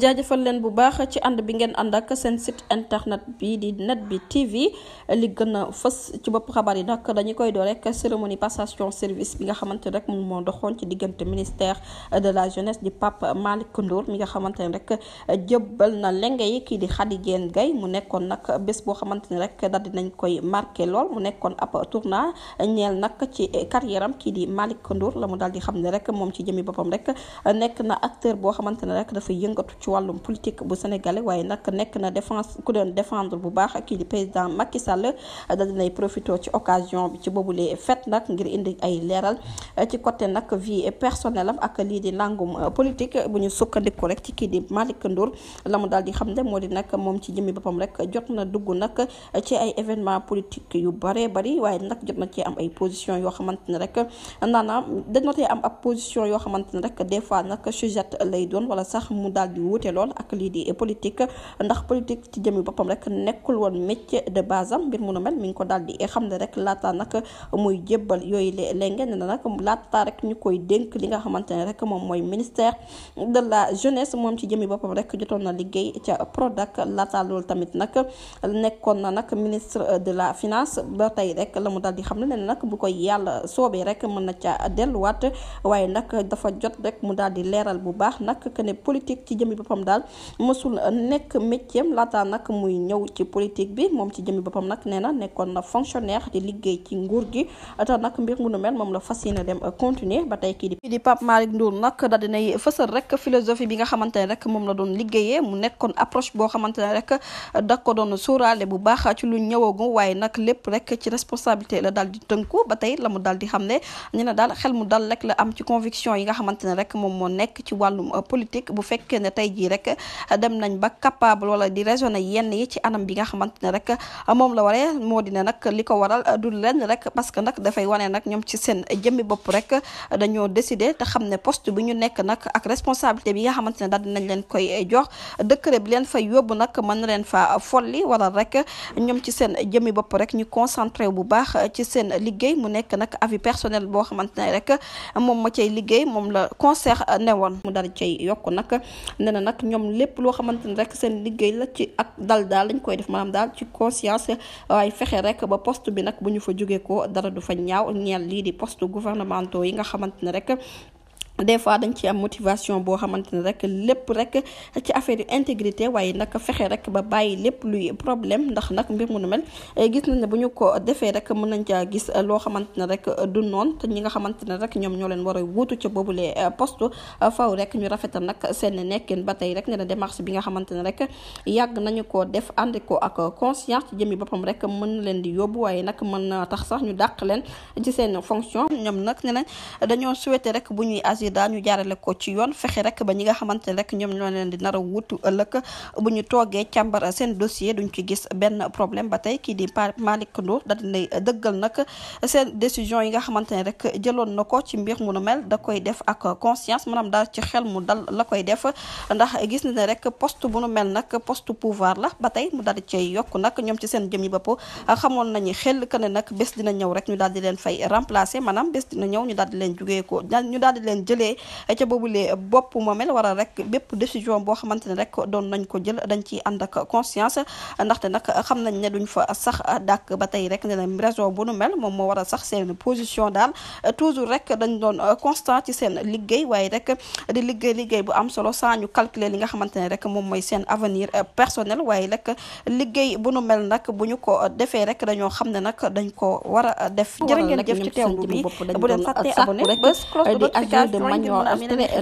jaajëfal leen bu baax ci ànd bi ngeen ànd ak seen site internet bi di net bi TV li gën a fës ci bopp xabaar yi nag dañu koy doo rek cérémonie passation service bi nga xamante rek moom moo doxoon ci diggante ministère de la jeunesse di Pape Malick Ndour mi nga xamante ne rek jëbbal na lenge yi kii di Khady Diène gay mu nekkoon nag bés boo xamante ni rek daal dinañ koy marqué lool mu nekkoon ab tournant ñeel nag ci carrière am kii di Malick Ndour la mu daal di xam ne rek moom ci jëmi boppam rek nekk na acteur boo xamante ne rek dafay yëngatu. ci wàllum politique bu sénégalais waaye nag nekk na défense ku doon défendre bu baax kii di président Macky Sall daal dinay profité ci occasion bi ci boobu boobule fet nag ngir indi ay leeral ci côté nag vie personnelle am ak lii di nangum politique bu ñu sukkandiku rek ci kii di Malick lamu la daal di xam ne moo di nag moom ci jëmmi boppam rek jot na dugg nag ci ay événement politique yu bare bari waaye nag jot na ci am ay position yoo xamante ne rek naanaam da tey am ab position yoo xamante ne rek des fois nag lay doon yu wuute lool ak lii di politique ndax politique ci jëmi boppam rek nekkul woon métier de base am mbir mu nu mel mi ngi ko daal di xam ne rek laata nag muy jébbal yooyu léegi ne na nag laata rek ñu koy dénk li nga xamante ne rek moom mooy ministère de la jeunesse moom ci jëmi boppam rek jotoon na liggéey ca Prodac laata lool tamit nag nekkoon na nag ministre de la finance ba tey rek la mu daal di xam ne ne nag bu koy yàlla soobee rek mën na ca delluwaat waaye nag dafa jot rek mu daal di leeral bu baax nag que ne ci jëmi jëmmi boppam daal mësul nekk métier laata nag muy ñëw ci politique bi bi nga xamante ne rek moom la doon liggéeyee mu nekkoon approche boo xamante ne rek da ko doon sóoraale bu baax ci lu ñëwagu waaye nag lépp rek ci responsabilité la daal di tënku ba tey la mu daal di xam ne ñu ne daal xel mu dal rek la am ci conviction yi nga xamante ne rek moom moo nekk ci wàllum politique bu fekkee ne tey tey rek dem nañ ba capable wala di raisonné yenn yi ci anam bi nga xamante ne rek moom la waree moo dina nag li ko waral du lenn rek parce que nag dafay wane nag ñoom ci seen jëmmi bopp rek dañoo décider te xam ne poste bi ñu nekk nag ak responsabilité bi nga xamante ne daal dinañ leen koy jox décret bi leen fa yóbbu nag mën na leen fa folli waral rek ñoom ci seen jëmmi bopp rek ñu concentré bu baax ci seen liggéey mu nekk nag avis personnel boo xamante ne rek moom ma cay liggéey moom la concert ne woon mu dal cay yokk nag ne nag ñoom lépp loo xamante ni rek seen liggéey la ci ak dal daal lañ koy def maanaam daal ci conscience waaye fexe rek ba poste bi nag bu ñu fa jógee ko dara du fa ñaaw ñeel lii di postu gouvernementaux yi nga xamante ne rek des fois dañ ci am motivation boo xamante ne rek lépp rek ci affaire yu intégrité waaye nag fexe rek ba bàyyi lépp luy problème ndax nag mbir mu nu mel eh, gis nañ ne bu ñu ko defee rek mën nañ caa gis loo xamante ne rek du noon ñi nga xamante ne rek ñoom ñoo leen war a wuutu ca boobule eh, poste eh, faw rek ñu rafetal nag seen nekkin ba tey rek ne na démarche bi nga xamante ne rek yàgg nañu ko def ànd ko ak conscience ci jëmi boppam rek mën na leen di yóbbu waaye nag mën na tax sax ñu dàq leen ci seen fonction ñoom nag ne dañoo souhaité rek bu ñuy agir daañu jaarale ko ci yoon fexe rek ba ñi nga xamante ne rek ñoom ñoo leen di nara a wutu ëllëg bu ñu toogee càmbar seen dossier duñ ci gis benn problème ba tey kii di Malick Ndour daal dinay dëggal nag seen décision yi nga xamante ne rek jëloon na ko ci mbir mu da koy def ak conscience maanaam daal ci xel mu dal la koy def ndax gis na ne rek poste bu mel nag poste pouvoir la ba tey mu daal di yokk nag ñoom ci seen jëm yi bopp xamoon nañu xel que ne nag bés dina ñëw rek ñu daal di leen fay remplacer maanaam bés dina ñëw ñu dal di leen jugee ko ñu daal di leen jëlee ca boobule bopp moomel waral rek bépp décision boo xamante ne rek doon nañ ko jël dañ ciy ànd ak conscience ndaxte nag xam nañ ne fa sax dàkk ba tey rek ne la raison bu nu mel moom moo waral sax seen position daal toujours rek dañ doon constant ci seen liggéey waaye rek di liggéey liggéey bu am solo sans ñu li nga xamante ne rek moom mooy seen avenir personnel waaye rek liggéey bu nu mel nag bu ñu ko defee rek dañoo xam ne nag dañ ko war a def jërë ngeen jëf ci teewlu bi bu leen fàttee abonné bés cloche de notification maño, a usted